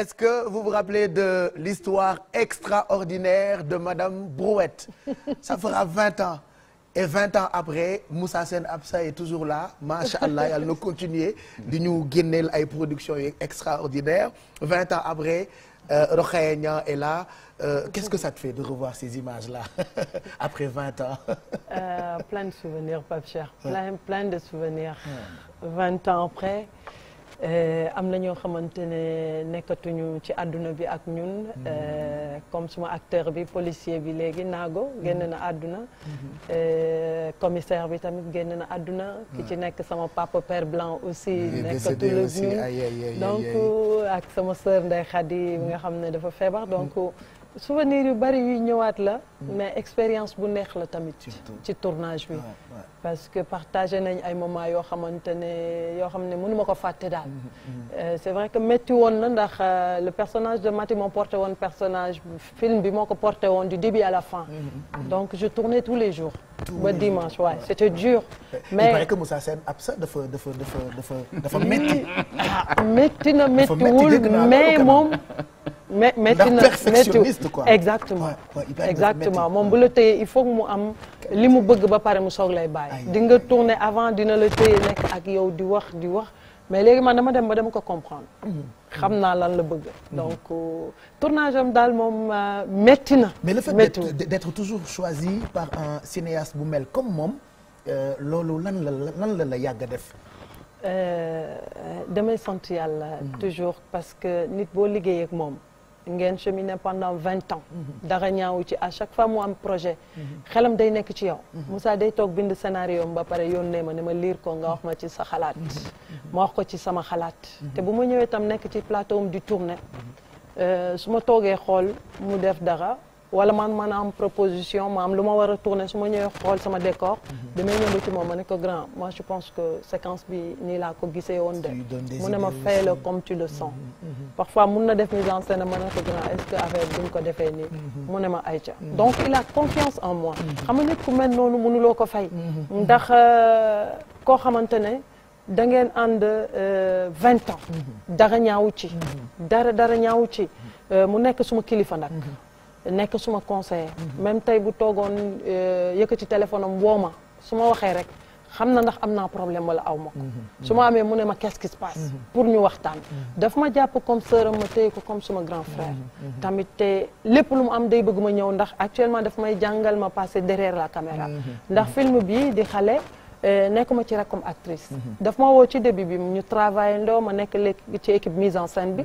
est-ce que vous vous rappelez de l'histoire extraordinaire de Madame Brouette ça fera vingt ans et vingt ans après Moussa Sène Absa est toujours là macha allah yàlla na continuer di ñu génneel ay productions yu extraordinaire vingt ans après euh, Rokhaya Niang est là euh, qu'est-ce que ça te fait de revoir ces images-là après vingt ans. euh, plein de souvenirs Pape Cheikh. plein plein de souvenirs. vingt ans après. Eh, am na ñoo xamante ne nekkatuñu ci àdduna bi ak ñun mm-hmm. eh, comme suma acteur bi policier bi léegi naago mm-hmm. génn na àdduna mm-hmm. eh, commissaire bi tamit génn na àdduna ki ci nekk sama papa père blanc aussi nekkatul ak ñun donc ak sama sœur Ndeye Khady nga xam ne dafa feebar donc souvenir yu bari yuy ñëwaat la mais expérience bu neex la tamit ci tournage bi parce que partagé nañ ay moments yoo xamante ne yoo xam ne mënu ma ko fàtte daal mm-hmm, mm-hmm. Euh, c'est vrai que métti woon na ndax euh, le personnage de Mati moo porté woon personnage film bi moo ko porté woon du début à la fin mm-hmm, donc je tournais tous les jours ba dimanche waaye c'était dur mais il paraît que Moussa Sène ab sa dafa dafa mais moom mais métti na perfectionniste quoi exactement exactement moom bu la téyee il faut mu am li mu bëgg ba pare mu soog lay bàyyi di nga tourner avant dina la téye nekk ak yow di wax di wax mais léegi man dama dem ba dem ko comprendre mm-hmm. xam naa lan la bëgg mm-hmm. donc euh, tournage am daal moom euh, métti na mais le fait d'être toujours choisi par un cinéaste bu mel comme moom euh, loolu lan la lan la la yàgg a def damay sant yàlla mm. toujours parce que nit boo liggéey ak moom ngeen cheminer pendant vingt ans. Mhm. dara ñaawu ci à chaque fois mu am projet. Mhm. xelam day nekk ci yow. Mhm. Moussa day toog bind scénario ba pare yónnee ma ne ma liir ko nga wax ma ci sa xalaat. ma wax ko ci sama xalaat. te bu ma ñëwee tam nekk ci plateau am di tourner. Euh, su ma toogee xool mu def dara. wala man man am proposition ma am lu ma war a tourner su ma ñëwee xool sama décor. Mhm. damay ñëw ba ci moom ma ne ko grand moi je pense que séquence bi nii laa ko gisee woon de. mu ne ma fay la comme tu le sens. Mhm, mhm. parfois mun na def mise en scène ma ne ko grand est-ce que affaire bi ñu ko defee nii. mu ne ma ayca donc il a confiance en moi. xam nga nit ku mel noonu mënuloo ko fay. ndax euh, koo xamante ne. da ngeen ànd euh, vingt ans. dara ñaawu ci. dara dara ñaawu ci euh, mu nekk suma kilifa nag. nekk suma conseil même tey bu toogoon euh, yëkkati téléphone am woo ma su ma waxee rek xam na ndax am naa problème wala aw ma ko. Mhm. su ma amee mu ne ma qu'est-ce qui se passe. Mhm. pour ñu waxtaan. Mhm. dafa ma jàpp comme sœur ma téye ko comme suma grand frère. tamit te lépp lu mu am day bëgg ma ñëw ndax actuellement dafa may jàngal ma passer derrière la caméra. ndax film bi di xale. Euh, ma ci rek comme actrice. dafa ma woo ci début bi ñu travaillé ndoo ma nekk ci équipe mise en scène bi.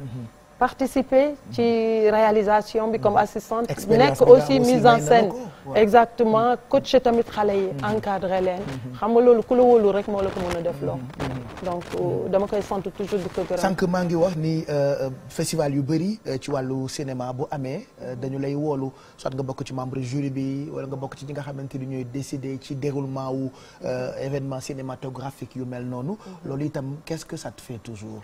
participer ci réalisation bi comme mm. assistante nekk aussi mise en scène exactement coacher tamit xale yi mm-hmm. encadrer leen mm-hmm. xam nga loolu ku la wóolu rek moo la ko mën a def loo mm-hmm. donc euh, dama koy sant toujours di ko gërëm sànq maa ngi wax ni euh, euh, festival yu bëri ci wàllu cinéma bu amee dañu lay woolu soit nga bokk ci membre jury bi wala nga bokk ci ñi nga xamante ni ñooy décider ci déroulement wu événement cinématographique yu mel noonu loolu itam qu'est-ce que ça te fait toujours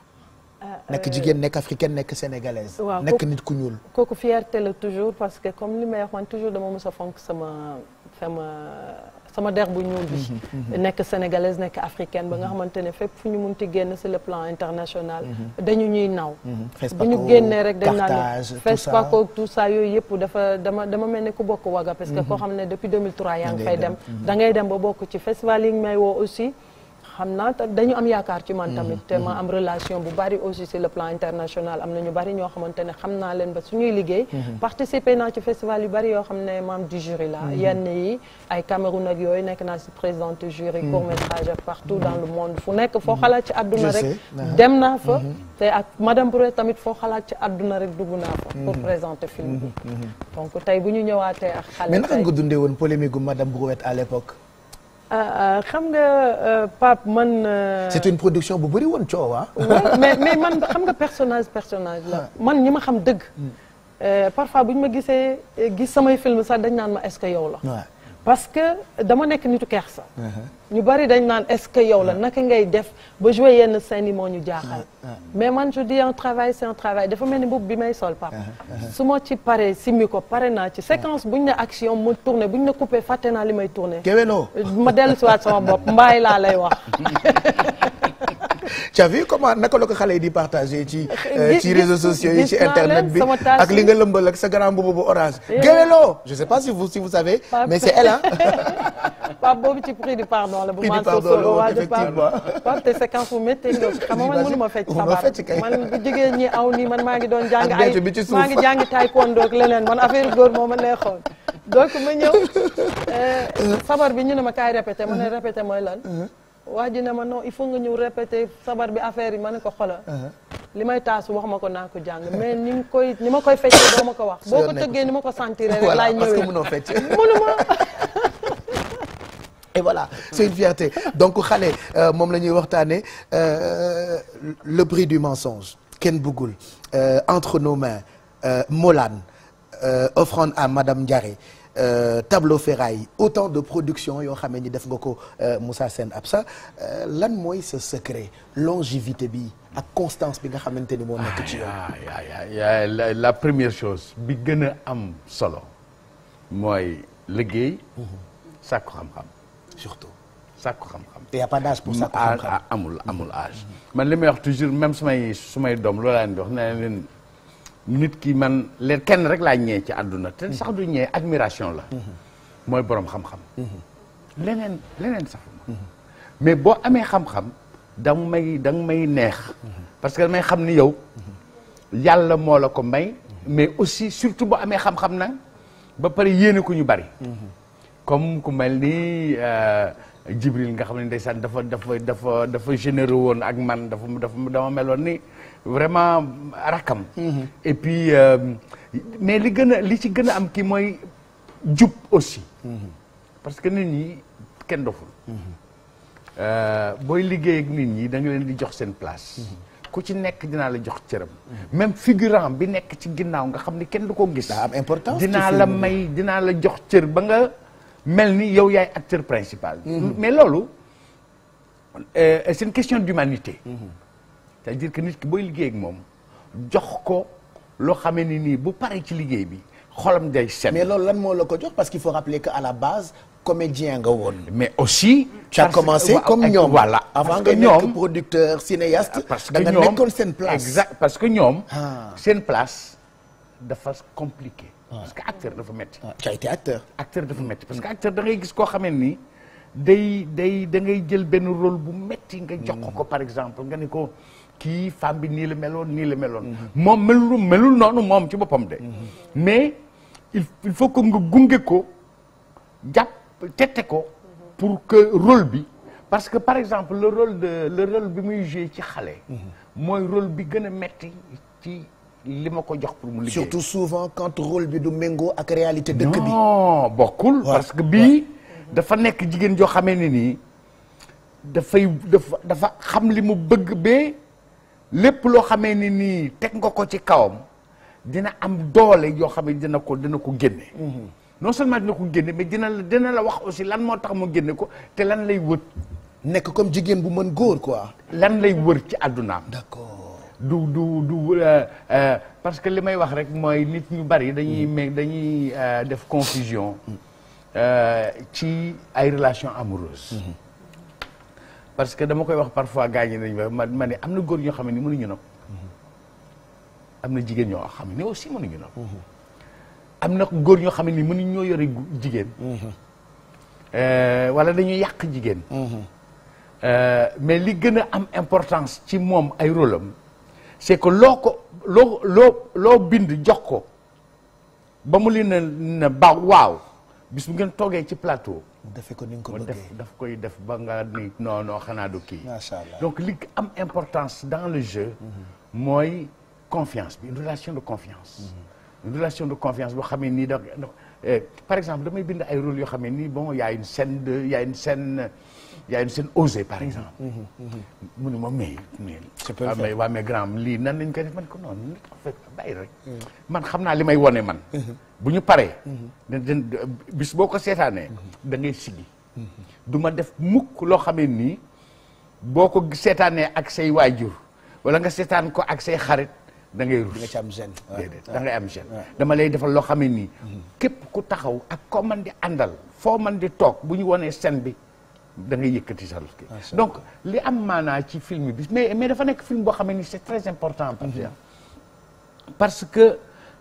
nekk euh, jigéen nekk africaine nekk sénégalaise. waaw nekk nit ku ñuul. kooku fierté la toujours parce que comme li may wax man toujours dama mës a fonk sama sama sama bu ñuul bi. Mhm, mhm, mhm. nekk sénégalaise nekk africaine ba nga xamante ne fépp fu ñu mun ti génn sur le plan international. dañu ñuy naw. bu ñu génnee rek dañ naan Fespaco tout ça yooyu yëpp dafa dama dama mel ne ku bokk waga parce koo xam ne depuis 2003 yaa ngi fay dem. ba bokk ci festival yi may woo aussi. xam naa dañu am yaakaar ci man mm-hmm. tamit te ma am relation bu bari aussi sur le plan international am na ñu bari ñoo xamante ne xam naa leen ba suñuy liggéey mm-hmm. participer naa ci festival yu bari yoo xam ne membre du jury la mm-hmm. yenn yi ay Cameroun ak yooyu nekk naa si présidente jury court métrage ak partout dans le monde fu nekk foo xalaat ci àdduna rek ah. dem naa fa te ak madame Brouet tamit foo xalaat ci adduna rek dugg naa fa pour présenter film bi donc tey bu ñu ñëwaatee ak xale mais naka nga dundee woon polémique gu madame Brouet à l'époque xam nga euh, Pape man. Euh, c'est une production bu bëri woon coow ah. mais mais man xam nga personnage personnage la ah. man ñi ma xam dëgg. Hmm. Euh, parfois bu ñu ma gisee gis samay film sax dañ naan ma est-ce que yow la. parce que dama nekk nitu sa uh-huh. ñu bari dañ naan est-ce que yow la uh-huh. naka ngay def ba jouer yenn scène yi moo ñu jaaxal. Uh-huh. mais man je dis un travail c'est travail dafa mel ni mbubb bi may sol pap su ma ci paree simmi ko pare naa ci séquence ñu ne action mu bu ñu ne coupé fàtte naa li may tourné. kéwélo ma dellusiwaat sama bopp mbaay laa lay wax. tu as vu comment naka la ko xale y di ci euh, réseaux sociaux yi ci internet bi ak li nga lëmbal ak sa grand boobu bu orange eh géwéloo je sais pas si vous si vous savez mais c'est elle hein Pape ci prix du pardon la bu ma sosolo waaw effectivement Pape te séquence bu méttee nga xam man mënu ma fecc sabar man bu ñi aw nii man maa ngi doon jàng ay maa ngi jàngi man affaire góor moo ma neexoon donc ma ñëw euh, sabar bi ne ma kaay répété ma ne répété mooy lan waa ji ne ma non il faut nga ñëw répéter sabar bi affaire yi ma ne ko xola uh-huh. li may taasu wax ma ko naa ko jàng mais ni koy ni ma koy feccee doo ma ko wax. boo ko tëggee ni ma ko sentir rek. laay ñëwee parce et voilà c'est une fierté donc xale euh, moom la ñuy waxtaanee euh, le prix du mensonge kenn bëggul euh, entre nos mains Molane à madame Ndiaré. Euh, tableau ferraille autant de production yoo xam ni def nga ko euh, Moussa Sène Absa euh, lan mooy sa secret longévité bi ak constance bi nga xamante ni moo ah, la première chose bi gën a am solo mooy liggéey mhm. sàkku xam-xam surtout sàkku xam-xam te y a pas pour sàkku ah, xam-xam amul amul âge man li may wax toujours même sumay sumay doom loolu laa leen nit ki man leen kenn rek laa ñee ci àdduna te mhm. sax du ñee admiration la mhm. mooy boroom xam-xam mhm. leneen leneen safuma mais boo amee xam-xam da nga may da nga may neex parce que damay xam ni yow yàlla moo ko may mais aussi surtout boo amee xam-xam nag ba pare yéene ku ñu bari comme ku mel ni euh, Jibril nga xam ne ndeysaan dafa dafa dafa dafa généreux woon ak man dafa dafa dama meloon nii vraiment rakam. Mhm. et puis euh, mais li gën a li ci gën a am kii mooy jub aussi. Mhm. parce que nit ñi kenn doful. Mhm. Euh, booy liggéey ak nit ñi da leen di jox seen place. ku ci nekk dinaa la jox cëram. même figurant bi nekk ci ginnaaw nga xam ni kenn du ko gis. am importance dinaa la may dinaa la jox cër ba nga mel ni yow yaay acteur principal. mais loolu euh, c'est une question d'humanité. c'est-à-dire nit ki booy liggéey moom jox ko loo xamee ni nii bu paree ci liggéey bi xolam day set. mais loolu lan moo la ko jox parce qu'il faut rappeler que à la base comédien nga woon. mais aussi. tu as commencé comme ñoom voilà avant nga nekk producteur cinéaste. Ah, parce que ñoom da nga nekkoon seen place. exact parce que ñoom. Ah. seen place dafa compliqué. Ah. parce que acteur dafa métti. tu as été acteur. acteur fa métti parce que acteur da ngay gis koo xamee ni. day day da ngay jël benn rôle bu métti nga jox ko ko hmm. par exemple nga ne ko. kii femme bi nii la meloon nii la meloon. moom melul melul noonu moom ci boppam de. mais il il faut que nga gunge ko jàpp tette ko. pour que rôle bi parce que par exemple le rôle bi muy joué ci xale. mooy rôle bi gën a metti ci. li ma ko jox pour mu liggéey surtout souvent quand rôle bi du méngoo ak réalité dëkk bi bokkul parce que bii dafa nekk jigéen joo xamee ne nii dafay dafa dafa xam li mu bëgg bee lépp loo xamee ni nii teg nga ko ci kawam dina am doole yoo xam ne dina ko dina ko génne mhm. non seulement dina ko génne mais dina la dina la wax aussi lan moo tax mu génne ko te lan lay wët nekk comme jigéen bu mën góor quoi lan lay wër ci àddunaam d'accord du du du euh, euh, parce que li may wax rek mooy nit ñu bari dañuy mhm. meeg dañuy euh, def confusion ci ay relations amoureuses mhm. parce que dama koy wax parfois gaañ nañ ma ma ma ne am na góor ñoo xam ne mënuñu nopp mm-hmm. am na jigéen ñoo xam ne aussi mënuñu nopp mm-hmm. am na góor ñoo xam ne mënuñ ñoo yore jigéen mm-hmm. euh, wala dañuy yàq jigéen euh, mais li gën a am importance ci moom ay rôle am c'est loo ko loo loo loo bind jox ko ba mu li na ba waaw bis bu ngeen toogee ci plateau defe ko ni nga ko bëggee daf koy def ba nga ni non non xanaa du kii. macha allah donc li am importance dans le jeu. Mhm. mooy confiance bi une relation de confiance. Mhm. une relation de confiance boo xamee nii da eh, par exemple damay bind ay rôle yoo xam ne nii bon y a une scène de y a une scène. y a une par mhm. exemple. Mhm. Mhm. mu ne ma mais mais. c'est pas waa mais grand lii nan lañ koy def man ko noonu fekk bàyyi rek. man xam naa li may wone man. bu ñu paree. dañ bis boo ko seetaanee. da ngay siggi. du def mukk loo xamee nii boo ko seetaanee ak say waajur wala nga seetaan ko ak say xarit. da ngay rus nga am gêne déedéet dama lay defal loo xam ne nii képp ku taxaw ak koo man di àndal foo man di toog bu ñu wonee scène bi da ngay yëkkati sa loxo ah, donc li am maanaa ci film bi mais mais dafa nekk film boo xam ni c'est très important. Mhm. parce que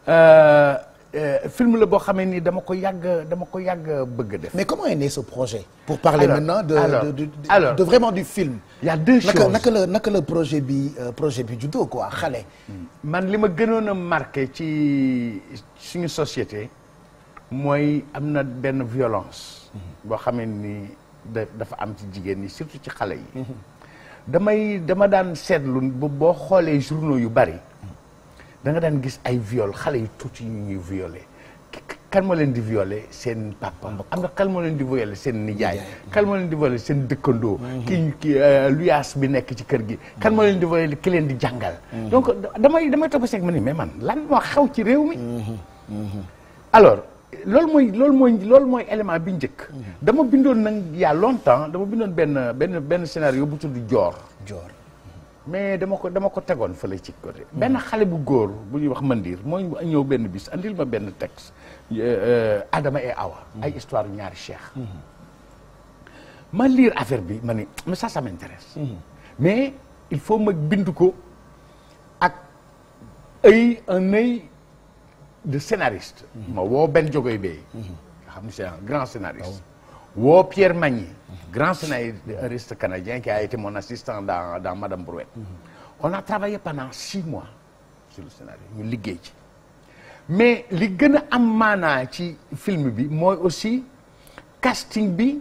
euh, euh, film la boo xamee ni dama ko yàgg dama ko yàgg bëgg def. mais comment est né ce projet. pour parler alors, maintenant de alors, de, de, de, alors, vraiment du film. na a la naka la projet bi euh, projet bi juddoo quoi xale. Hmm. man li ma gënoon a marqué ci suñu société mooy am na benn violence. Mhm. boo xamee ni. dafa am ci jigéen ñi surtout ci xale yi. damay dama daan seetlu bu boo xoolee journaux yu bari danga daan gis ay viol xale yu tuuti ñu ñuy violé kenn moo leen di violé seen papa am na kan moo leen di violé seen nijaay kan moo leen di violé seen dëkkandoo kii mm-hmm. ki euh, luyaas bi nekk ci kër gi kan moo mm-hmm. leen di violé ki leen di jàngal mm-hmm. donc damay damay toog seeg ma ni mais man lan moo xew ci réew mi alors loolu mooy loolu mooy loolu mooy élément bi njëkk. Mhm. dama bindoon nag il y longtemps dama bindoon benn benn benn scénario bu tudd Joor. Joor mais dama ko dama ko tegoon fële ci côté. Mhm. benn xale bu góor bu ñuy wax Mandir mooy ñëw benn bis andil ma benn texte. Euh, euh, Adama et Awa. Mhm. ay histoire ñaari cheikh. ma lire affaire bi ma ne mais ça ça m'intéresse. mais il faut ma bind ko ak ay un œil de scénariste. Mhm. ma woo Ben Diogoy Bey. Mhm. nga xam ne c'est un grand scénariste. woo Pierre Magny. grand scénariste canadien qui a été mon assistant dans Madame Brouette. Mhm. on a travaillé pendant six mois sur le scénario ñu liggéey ci. mais li gën a am ci film bi mooy aussi casting bi.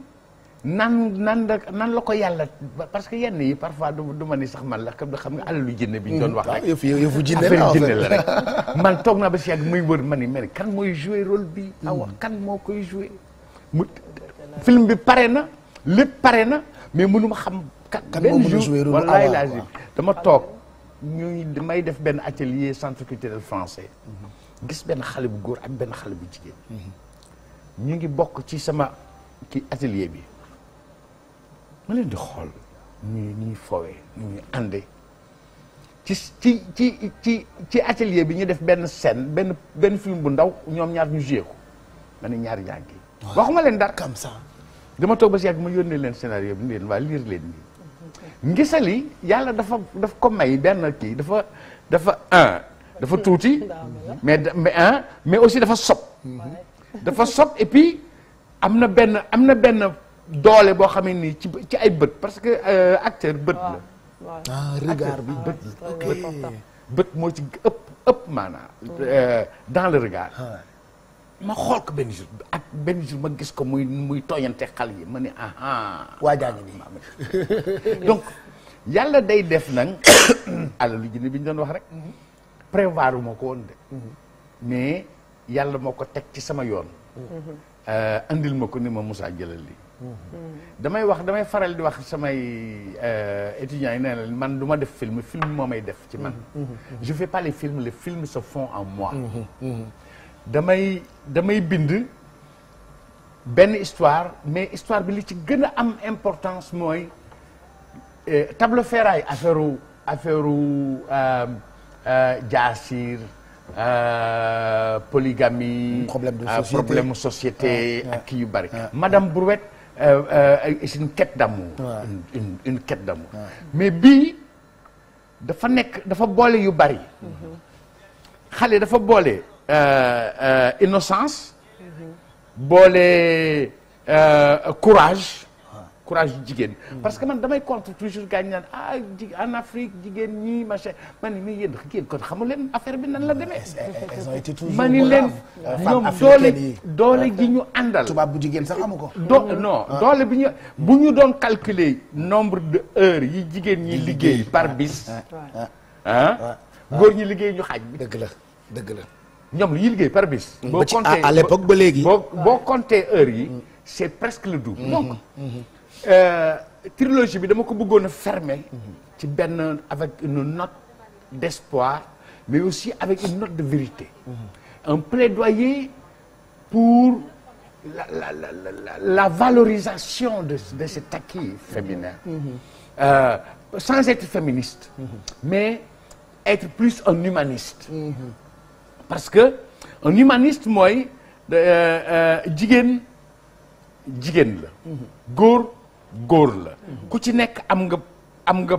nan nan la nan la ko yàlla parce que yenn yi parfois du ma ni sax man la xam nga alalu jinne bi ñu doon wax rek. Mm. yëfu yëfu jinne la affaire la rek. man toog naa ba si yàgg muy wër ma ni mais kan mooy jouer role bi mm. awa kan moo koy jouer mu film bi pare na lépp pare na mais mënu ma xam. kan benn jour wallaay laa dama toog ñuy may def benn atelier centre culturel français. Mm-hmm. gis benn xale bu góor ak benn xale bu jigéen. Mm-hmm. ñu ngi bokk ci sama ci atelier bi. ma leen di xool ñuy ñuy fowee ñu ñuy àndee ci ci ci ci ci atelier bi ñu def benn scène benn benn film bu ndaw ñoom ñaar ñu joué ko ma ne ñaari ñaar gi waxuma leen dara comme ça dama toog ba si yàgg ma yónnee leen scénario bi ni leen waa lire leen nii ngisali yàlla dafa daf ko may benn kii dafa dafa un dafa tuuti mais mais un mais aussi dafa sob dafa sob et puis am na benn am na benn doole boo xamee ni ci ci ay bët parce que euh, acteur bët la. ah bi bët la bët moo ci ëpp ëpp maanaa euh, dans le regard. Ah ma xool ko benn jour ak benn jour ma gis ko muy muy tooñante xal yi ma ne ah. ah. waa jaa ngi donc yàlla day def nag alalu jinne bi ñu doon wax rek. Mhm. prévoir ko woon de. Mhm. mais yàlla moo ko teg ci sama yoon. Mhm. Euh, andil ma ko ni ma Moussa jëlal li damay wax damay faral di wax samay euh, étudiants yi nee na man duma def film film moo may def ci man. Mm-hmm. Mm-hmm. je fais pas les films les films se font en moi. Mm-hmm. damay damay bind benn histoire mais histoire bi li ci gën a am importance mooy euh, table ferraille affaire affaire jaasir euh, polygamie. problème de société problème société ak kii yu bari. madame Brouette. Euh, euh, c'est une quête d'amour une une une quête d'amour mais bii dafa nekk dafa boole yu bari mm-hmm. xale dafa boole euh, innocence mm-hmm. boole courage courage jigéen mm. parce que man damay contre toujours gars ñi naan ah ji en Afrique jigéen ñi machin man ni muy yéen yéen kon xamu leen affaire bi nan la demee ma ni leen euh, ñoom doole doole gi euh, ñu àndal tubaab bu jigéen sax amu ko do non ah. doole bi ñu bu ñu doon calculer nombre de heures yi jigéen ñi liggéey par ah. bis ah. ah góor ñi liggéey ñu xaaj bi dëgg la dëgg la ñoom liggéey par bis. Mm. boo compté ba léegi. boo boo compté heure yi. Mm. c'est presque le double. Mm-hmm. donc. Mm-hmm. Euh, trilogie bi dama ko bëggoon a fermer ci benn avec une note d'espoir mais aussi avec une note de vérité mm-hmm. un plaidoyer pour la la la la valorisation de de cet acquis féminin. Mm-hmm. Euh, sans être féministe. Mm-hmm. mais être plus un humaniste. parce que un humaniste mooy euh, euh, jigéen jigéen la. góor la ku ci nekk am nga am nga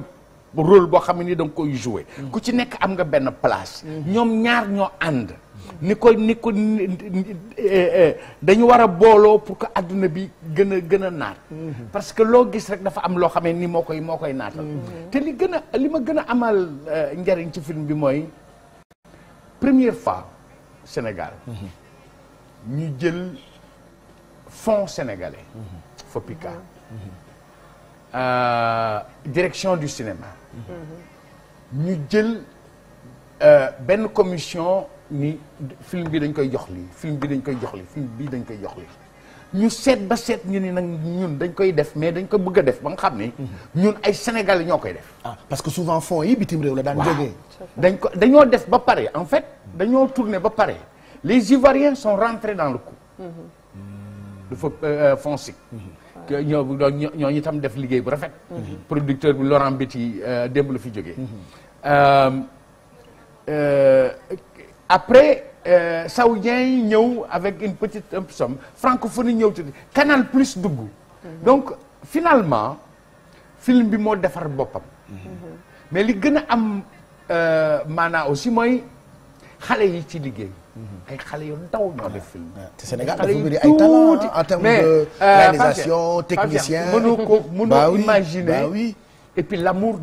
rôle boo xam ne ni da koy jouer ku ci nekk am nga benn place ñoom ñaar ñoo ànd ni ko ni ko eh, eh, dañu war a booloo pour que àdduna bi gën a gën a naat parce que loo gis rek dafa am loo xamee ni moo koy moo koy naatal te li gën a li ma gën a amal eh, njariñ ci film bi mooy première fois Sénégal ñu jël fonds sénégalais FOPICA Euh, direction du cinéma. Mm-hmm. ñu jël euh, benn commission ni film bi dañ koy jox lii film bi dañ koy jox lii film bi dañ koy jox lii ñu seet ba seet ñu ni nag ñun dañ koy def mais dañ ko bëgg a def ba nga xam ni. Mm-hmm. ñun ay Sénégalais ñoo koy def. ah parce que souvent fonds yi bitim réew la daan jógee. dañ ko dañoo def ba pare en fait dañoo tourner ba pare les Ivoiriens son rentrés dans le coup. Mm-hmm. Euh, ñoo ñu tam def liggéey bu rafet. Mhm. Mhm. producteur bi Laurent Béti euh, démb la fi jógee. Mhm. Euh, euh, après saoudiens yi ñëw avec une petite somme francophonie ñëw ci Canal Plus dugg. donc finalement film bi moo defar boppam. mais li gën am maanaa aussi mooy. xale yi ci liggéey. Mhm. ay xale yu ndaw ñoo def film. te Sénégal dafa bëri ay talent en termes de euh, réalisation technicien mënoo ko mënoo imaginer oui et puis l'amour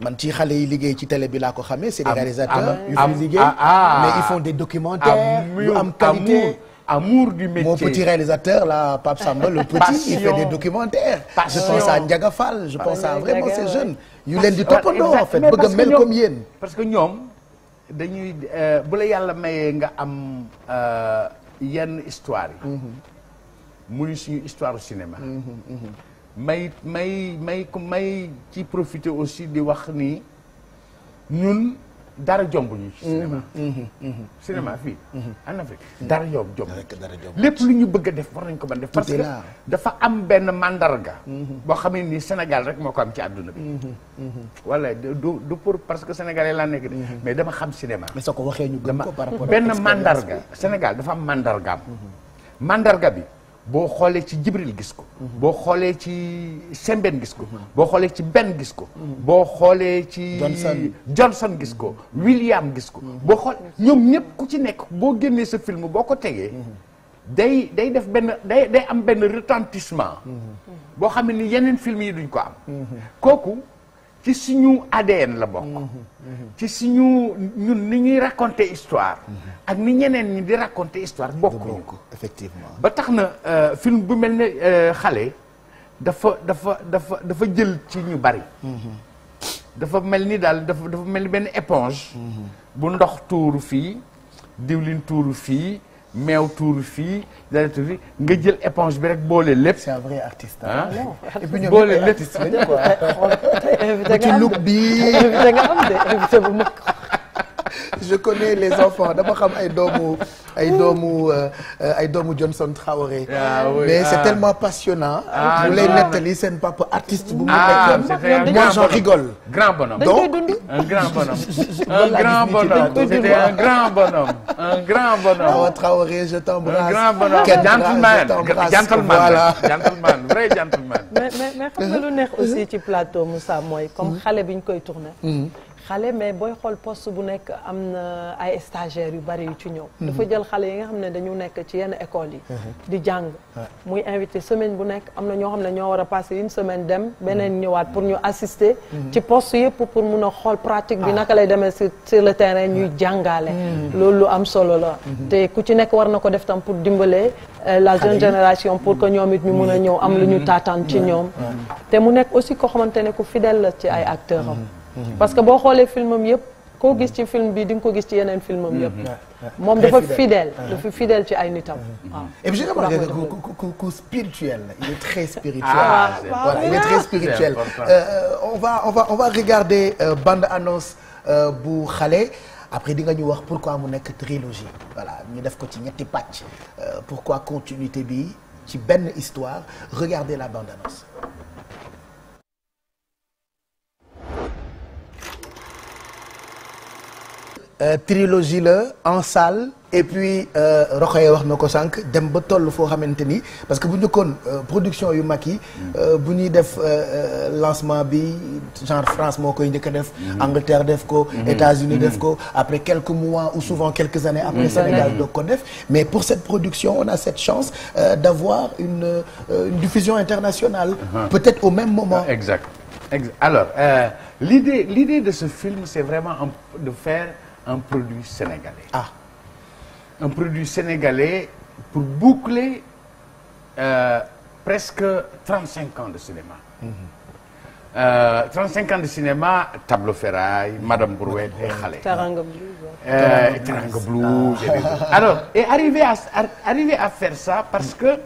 man ci xale yi liggéey ci télé bi laa ko xamee. c'est des réalisateurs yu fi liggéey ah, ah. mais ils font des documentaires. am qualité amour du métier mon petit réalisateur là Pape Samba le petit Passion. il fait des documentaires. je pense à Ndiaga Fall je pense vraiment ces jeunes. yu leen di toppandoo en fait bëgg mel comme parce que ñoom. dañuy euh, bu la yàlla mayee nga am euh, yenn histoire yi. Mm-hmm. muy suñu histoire cinéma. Mm-hmm, mm-hmm. may may may may ci profiter aussi di wax nii ñun. dara jomb ñu ci cinéma. Mm-hmm. Mm-hmm. Mm-hmm. cinéma fii. en Afrique dara yomb jomb. dara jomb lépp lu ñu bëgg a def war nañ ko mën def. parce que dafa am benn mandarga. boo xam ne nii Sénégal rek moo ko am ci àdduna bi. wala du du pour parce que sénégalais laa nekk de. mais dama xam cinéma. mais soo ko waxee ñu gëm ko par rapport benn mandarga senegal dafa am mandargaam. màndarga bi. boo xoolee ci jibril gis ko mhm. boo xoolee ci semben gis ko mhm. boo xoolee ci benn gis ko mhm. boo xoolee ci johnson gis ko william gis ko boo xool ñoom ñëpp ku ci nekk boo génnee sa film boo ko tegee day day def benn day day am benn retentissement boo xam ne ni yeneen film yi duñ ko am kooku ci suñu ADN la bokk. Mhm, mhm. ci suñu ñun ni ñuy raconter histoire. Mhm. ak ni ñeneen ñi di raconter histoire bokkuñu ko ba tax na euh, film bu mel ne euh, xale dafa dafa dafa dafa jël ci ñu bari. dafa mel ni daal dafa dafa mel ni benn éponge. bu ndox tuuru fii diwlin tuuru fii. meew tuuru fii dana tuuru fii nga jël éponge bi rek boole lépp. c'est un vrai artiste ah. et puis boole lépp. invité nga am bi invité nga am de invité bu mag. je connais les enfants dama xam ay doomu doomu euh, ay doomu Johnson Traoré. Ah, mais c'est ah. tellement passionnant. ah bu lay nettali seen papa artiste bu mu ah, nekkoon. moi j'en rigole. grand bonhomme donc un grand bonhomme. un grand bonhomme c'était un grand bonhomme. un grand bonhomme. Traoré je t'embrasse. un grand bonhomme gentleman gentleman voilà gentleman vrai gentleman. mais mais mais xam nga lu neex aussi ci plateau Moussa mooy comme xale bi ñu koy tourner. xale mais booy xool post bu nekk am na ay stagiaires yu bari yu ci ñëw. dafa jël xale yi nga xam ne dañu nekk ci yenn écoles yi. di jàng. muy invité semaine bu nekk am na ñoo xam ne ñoo war a passé une semaine dem beneen ñëwaat pour ñu assister. ci poste yëpp pour mun a xool pratique bi ah. naka lay demee si sur le terrain ñuy jàngaale. Mm. loolu am solo la. Mm-hmm. te ku ci nekk war na ko def tam pour dimbalee euh, la jeune génération pour que ñoom it ñu mun a mm-hmm. ñëw am lu ñu mm-hmm. taataan ci ñoom. te mu nekk aussi ko xamante ne ku fidèle la ci ay acteurs am. Mhm. parce que boo xoolee filmam yëpp koo gis ci film bi di nga ko gis ci yeneen filmam yëpp mhm. moom dafa fidèle dafa fidèle ci ay nitam waaw mhm. et puis j'ai remarqué que ku spirituel il est très spirituel ah, ah, voilà il est très spirituel euh, on va regarder euh, bande annonce euh, bu xale après di nga ñu wax pourquoi mu nekk trilogie voilà ñu def ko ci ñetti pàcc pourquoi continuité bi ci benn histoire regardez la bande annonce Euh, trilogie la en salle et puis euh, Rokhaya wax na ko sànq dem ba toll foo xamante ni parce que bu njëkkoon euh, production yu mag yi. bu ñuy def lancement bi genre France moo koy njëkk a def. Mhm. Angleterre def ko. Mhm. États-Unis def mhm. ko après quelques mois ou souvent quelques années. après Sénégal doog ko def mais pour cette production on a cette chance d'avoir une diffusion internationale. Uh-huh. peut-être au même moment. exact exact alors l'idée l'idée de ce film c'est vraiment de faire. un produit sénégalais. ah un produit sénégalais pour boucler euh, presque trente cinq ans de cinéma. Mm-hmm. Euh, trente cinq ans de cinéma Tableau Ferraille Madame Brouette et Xale. Taranga Blues. Euh, Taranga ah. alors et arriver à faire ça parce que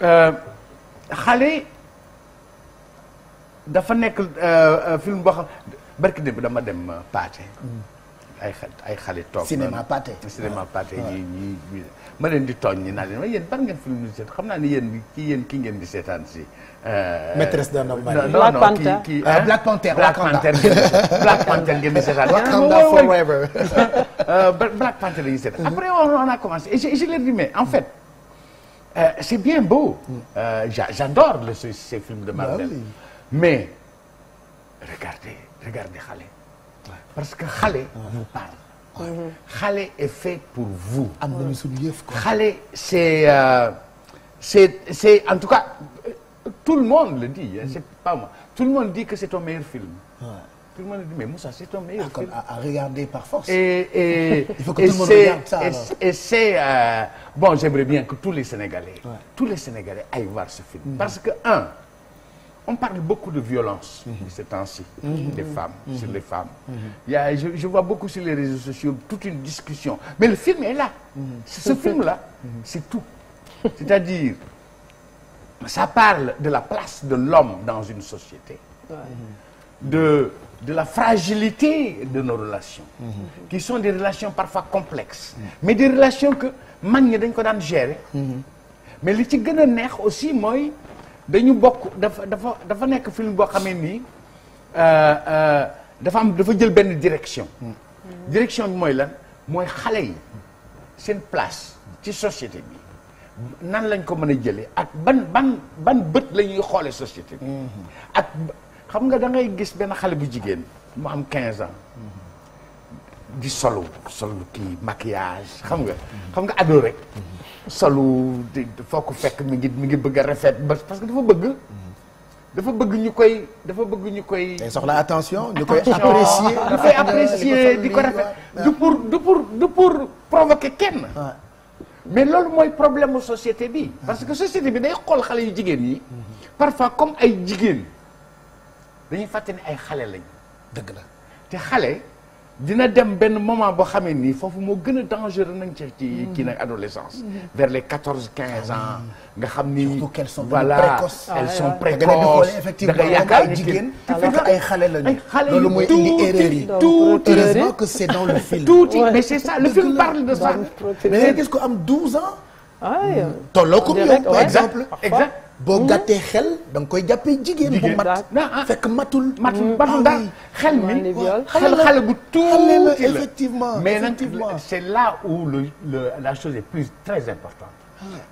Xale dafa nekk film boo xam barki démb dama ay ay xale toog. cinéma pâté cinéma pâté ñi ma leen di tooñ ñi naa xam naa ni yéen ki yéen ki ngeen di seetaan si. Euh, maîtresse d'un homme marié. Black Panther kii ah, Black Panther Black Panther Black Panther ngeen euh, Black Panther la mm-hmm. après on a commencé et je l'ai dit mais en fait. Euh, c'est bien beau. Mm. Euh, j'adore ces films de Marvel. Bah oui. Mais regardez, regardez xale. parce que xale ah. vous parle xale ah. est fait pour vous am nañu suñu yëf quoi xale c'est euh, c'est c'est en tout cas euh, tout le monde le dit mm. c'est pas moi tout le monde dit que c'est ton meilleur film ah. tout le monde dit mais Moussa c'est ton meilleur film à regarder par force et il faut que tout le monde regarde ça et c'est euh, bon j'aimerais bien que tous les Sénégalais tous les Sénégalais aillent voir ce film mm. parce que un on parle beaucoup de violence mhm. ces temps-ci mhm. des femmes mhm. sur les femmes il y a je, je vois beaucoup sur les réseaux sociaux toute une discussion mais le film est là ce film là c'est tout c'est-à-dire ça parle de la place de l'homme dans une société de de la fragilité de nos relations qui sont des relations parfois complexes mais des relations que mag ñi dañ ko daan gérer mais li ci gën a neex aussi mooy dañu bokk dafa dafa dafa nekk film boo xamee nii euh, euh, dafa am dafa jël benn direction. Hmm. direction bi mooy lan mooy xale yi seen place ci société bi nan lañ ko mën a jëlee ak ban ban ban bët la ñuy xoolee société bi. Hmm. ak xam nga dangay gis benn xale bu jigéen mu am 15 ans. Hmm. di solu solu kii maquillage xam nga xam nga ado rek solu foo ko fekk mu ngi mi ngi bëgg a rafet ba parce que dafa bëgg dafa bëgg ñu koy dafa bëgg ñu koy soxla attention ñu koy apprécier di ko rafet du pour du pour du provoquer kenn mais loolu mooy problème mu société bi parce que société bi day xool xale yu jigéen yi parfois comme ay jigéen dañuy fàtte ne ay xale lañ dëgg la te xale dina dem benn moment boo xamee nii foofu moo gën a dangereux nañ ci ci mm. kii nag adolescence mm. vers les quatorze quinze ans ah. nga xam ni surtout qu'elles sont voilà elles ah, sont ah, précoces da nga yaakaar ni jigéen te fekk ay xale lañu loolu mooy indi erreur yi tout heureusement que c'est dans le film tout mais c'est ça le film parle de ça mais gis ko am douze ans tollo par exemple exact boo gàttee xel da nga koy jàppee jigéen bu mat ah, ah. fekk matul matul matul ah, daal xel mi xel xale bu tuuti la effectivement mais nag c'est là où le la chose est plus très importante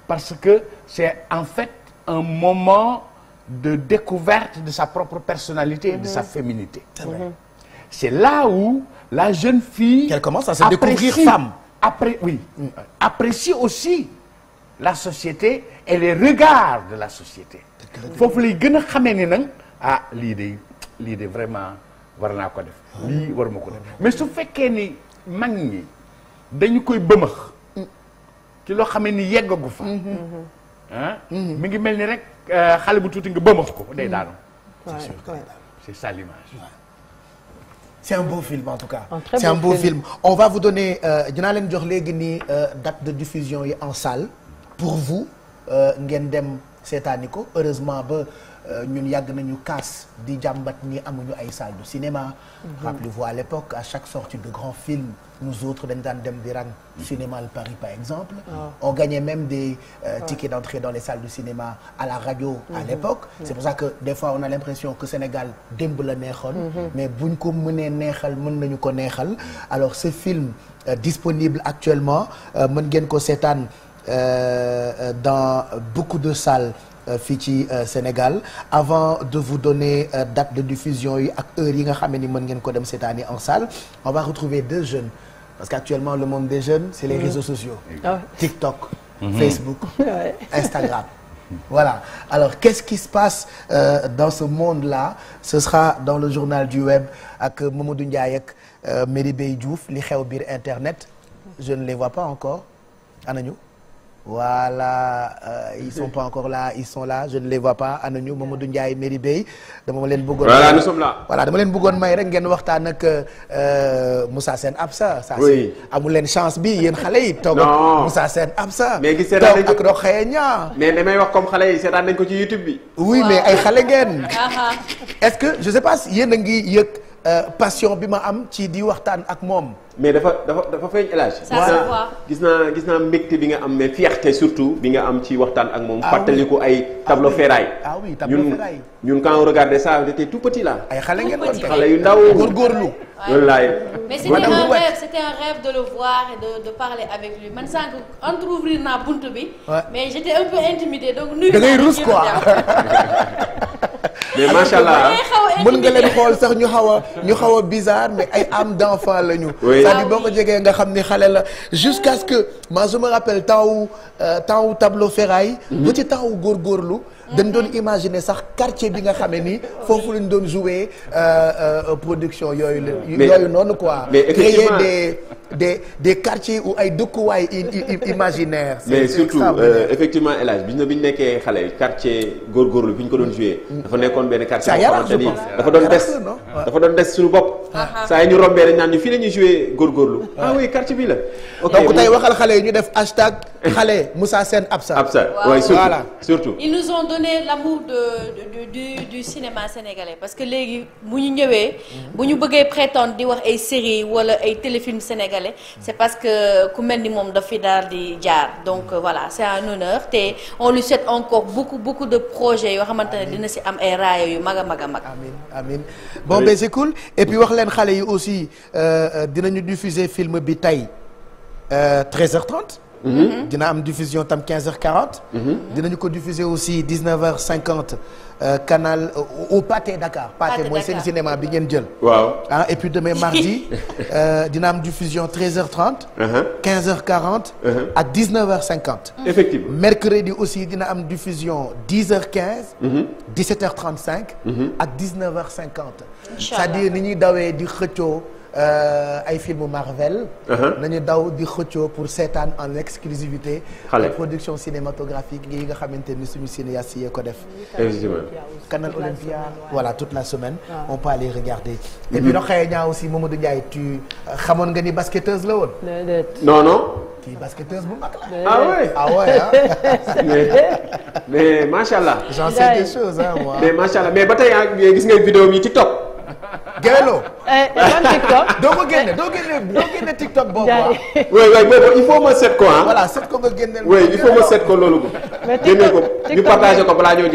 parce que c'est en fait un moment de découverte de sa propre personnalité et de sa féminité c'est là où la jeune fille qu'elle commence à se découvrir apprécie mm. aussi la société et les regards de la société foofu lay gën a xame ni nag ah lii de lii de vraiment war naa ko def lii war ma ko def mais su fekkee ni mag ñi dañu koy bëmëx ki loo xamee ni yeggagu fa ah ngi mel ni rek euh, xale bu tuuti nga bëmëx ko day daanu c'est sûr c'est un beau film en tout cas. on va vous donner euh, dinaa leen jox léegi nii euh, date de diffusion yi en salle. pour vous euh, ngeen dem seetaani ko heureusement ba euh, ñun yàgg nañu kaas di jàmbat ni amuñu ay salle de cinéma. Mhm. rappelez-vous à l'époque à chaque sortie de grands films nous autres dañ daan dem di rang mhm. cinéma le Paris par exemple. Ah. on gagnait même des euh, tickets d'entrée dans les salles de cinéma à la radio. à mhm. l'époque c'est pour ça que des fois on a l'impression que Sénégal démb la neexoon. mais bu ñu ko mënee neexal mën nañu ko neexal alors ce film disponible actuellement mën ngeen ko seetaan. Euh, dans beaucoup de salles euh, fii ci euh, Sénégal avant de vous donner date de diffusion yi ak heure yi nga xam ni mën ngeen ko dem seetaan en salle on va retrouver deux jeunes parce que actuellement le monde des jeunes c'est les réseaux sociaux ah TikTok mhm. Facebook Instagram voilà alors qu'est-ce qui se passe euh, dans ce monde-là ce sera dans le journal du web ak Mamadou Ndiaye ak Méri Bey Diouf li xew biir internet je ne les vois pas encore voilà euh, ils sont pas la là ils sont là je ne les vois pas ana ñu Mamadou Ndiaye Merry Beye dama leen bëggoon. voilà nous voilà dama leen bëggoon may rek ngeen waxtaan ak euh, Moussa Sène Absa. sa si amul leen chance bi yéen xale yi. toog ak Moussa Sène Absa. mais gis seetaan nañ ko toog mais damay xale yi seetaan nañ ko ci YouTube bi. oui mais ay xale ngeen. est-ce que je sais pas yéen a ngi yëg. Euh, passion bi ma am ci di waxtaan ak moom. mais dafa dafa dafa feeñ El Hadj. gis naa gis naa mbégte bi nga am mais fierté surtout bi nga am ci waxtaan ak moom. Ah fàttaliku ay ah ah tableau ferraille. ñun ñun quand on tout petit là. ay xale ngeen doon xale yu ndaw góorgóorlu. loolu laay. mais c'était un rêve c'était un rêve de le voir et de de parler avec lui man sànq entrouvrir naa bunt bi. mais j'étais un peu intimidée donc. nuyu da ngay rus quoi. mais macha allah mën nga leen xool sax ñu xaw a ñu xaw a bizarre mais ay âme d'enfant la ñu. oui cest à ah boo ko jegee nga xam ni xale la jusqu'à ce que ma je me rappelle temps wu euh, temps wu tableau ferraille. ba mhm. ci temps wu góorgóorlu. dañ doon imaginer sax quartier bi nga xamee ni foofu lañ doon jouer euh, euh, euh, production yooyu la yooyu noonu quoi créer des des des quartiers ou ay dëkkuwaay imaginaire mais surtout effectivement El Hadj bi ñu ñu nekkee xale quartier góorgóorlu bi ñu ko doon jouer mm. dafa nekkoon benn quartier boo xamante ni dafa doon des dafa des suñu bopp ah, ah. saa yi ñu rombee dañ naan ñu fii la ñuy jouer góorgóorlu ah oui quartier bi la donc tey waxal xale yi ñu def hashtag xale Moussa seen absa absa surtout surtout ils nous ont donner l'amour de du du cinéma sénégalais parce que léegi bu ñu ñëwee. bu ñu bëggee prétendre di wax ay séries wala ay téléfilms sénégalais. c'est parce que ku mel ni moom daf fi daal di jaar donc euh, voilà c'est un honneur te on lui souhaite encore beaucoup beaucoup de projets yoo xamante ne dina si am ay raaya yu mag a mag a mag. amiin amiin bon ben c'est et wax leen xale yi aussi euh, euh, dinañu diffuser film bi tey 13 h Mm-hmm. dina am diffusion tam 15h40. Mm-hmm. dinañu ko diffuser aussi 19h50 euh, canal euh, au Pâté Dakar. Pâté mooy seen cinéma bi ngeen jël. waaw ah et puis demain mardi euh, dina am diffusion 13h30. 15h40. ak 19h50. effectivement mercredi aussi dina am diffusion 10h15. 17h35. ak 19h50. incha allah c'est-à-dire ni ñuy dawee di xëccoo. Euh, ay filmu Marvel. Uh-huh. nañu daw di xëccoo pour seetaan en exclusivité xale production cinématographique yi nga xamante ni suñu cinéaste yi ko def. Canal Olympia voilà toute la semaine. Ah. on peut aller regarder. et puis Rokhaya Niang aussi Mamadou Ndiaye tu euh, xamoon nga ni basketteuse la woon. non non. kii basketteuse bu mag la. ah oui ah oui mais macha allah. j'en sais des choses ah moi. mais macha allah mais ba tey ah, gis ngay vidéo bi TikTok. Gélo. doon eh, eh, TikTok. doo ko génne eh. TikTok boobu quoi. oui oui boobu il faut ma set ko ah. voilà set ko nga génneel. oui il faut ma set ko loolu. mais TikTok ko ñu partagé ko balaa ñoo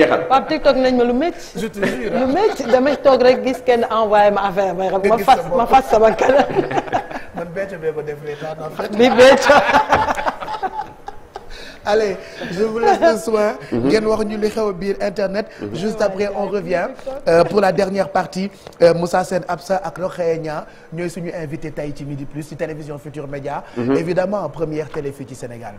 TikTok nañ ma lu métti. je te jure lu métti damay toog rek gis kenn envoyé ma affaire may rek ma fas ma fas sama kanam. man Béthio bee ko bi ah, Béthio. allez je vous laisse soin. Mhm. ngeen wax ñu li xew biir internet. Mhm. juste après on revient ah, euh, pour la dernière partie euh, Moussa Sène Absa ak Rokhaya Niang ñooy suñu invité tey ci Midi Plus ci télévision Futur Média. Mhm. évidemment première télé fii ci Sénégal.